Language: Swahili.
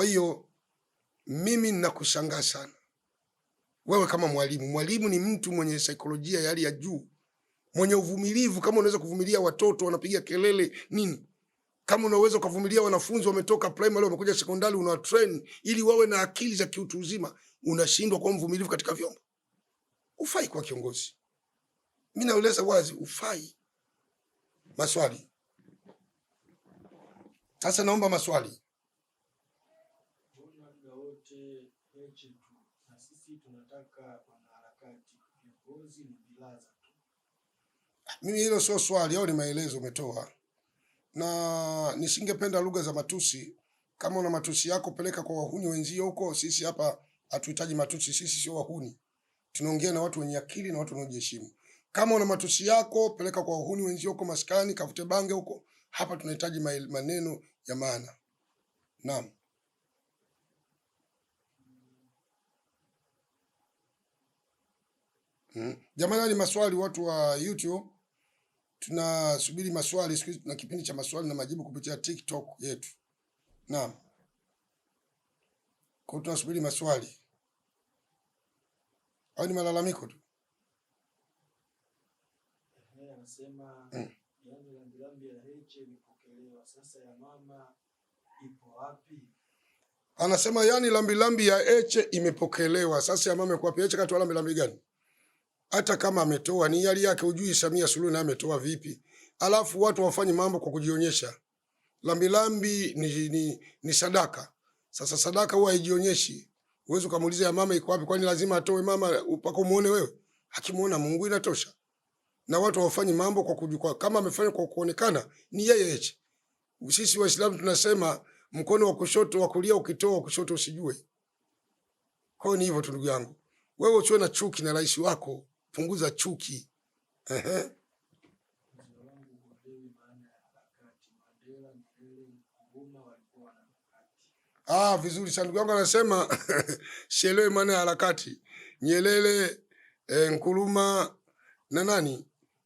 Kwa hiyo mimi ninakushangaa sana wewe kama mwalimu. Mwalimu ni mtu mwenye saikolojia ya hali ya juu, mwenye uvumilivu. Kama unaweza kuvumilia watoto wanapiga kelele nini, kama unaweza ukavumilia wanafunzi wametoka primary wamekuja sekondari, unawa train ili wawe na akili za kiutu uzima, unashindwa kuwa mvumilivu katika vyombo. Ufai kwa kiongozi, mi naeleza wazi, ufai. Maswali sasa, naomba maswali yote Heche tu, na sisi tunataka wanaharakati, viongozi ni za tu. Mimi hilo sio swali au ni maelezo umetoa, na nisingependa lugha za matusi. Kama una matusi yako peleka kwa wahuni wenzio huko. Sisi hapa hatuhitaji matusi, sisi sio wahuni, tunaongea na watu wenye akili na watu wanaojiheshimu. Kama una matusi yako peleka kwa wahuni wenzio huko maskani, kavute bange huko. Hapa tunahitaji maneno ya maana. Naam. Mm. Jamani, ni maswali watu wa YouTube. Tunasubiri maswali siku hizi, tuna kipindi cha maswali na majibu kupitia TikTok yetu. Naam. Kwa tunasubiri maswali. Au ni malalamiko tu? anasema mm. Anasema yani lambilambi ya Heche imepokelewa sasa ya mama iko wapi? Heche katoa lambilambi gani? hata kama ametoa ni yali yake, ujui Samia Suluhu naye ametoa vipi. Alafu watu wafanye mambo kwa kujionyesha, lambilambi ni, ni, ni sadaka. Sasa sadaka huwa haijionyeshi, uwezi ukamuuliza ya mama iko wapi? Kwani lazima atoe mama upako muone wewe? Akimuona Mungu inatosha. Na watu wafanye mambo kwa kujua, kama amefanya kwa kuonekana ni yeye eche. Sisi Waislamu tunasema mkono wa kushoto wa kulia ukitoa wa kushoto usijue. Kwa hiyo ni hivyo tu ndugu yangu, wewe usiwe na chuki na rais wako punguza chuki. Ehe. Ah, vizuri sana ndugu yangu anasema sielewe maana ya harakati Nyerere, eh, Nkuruma na nani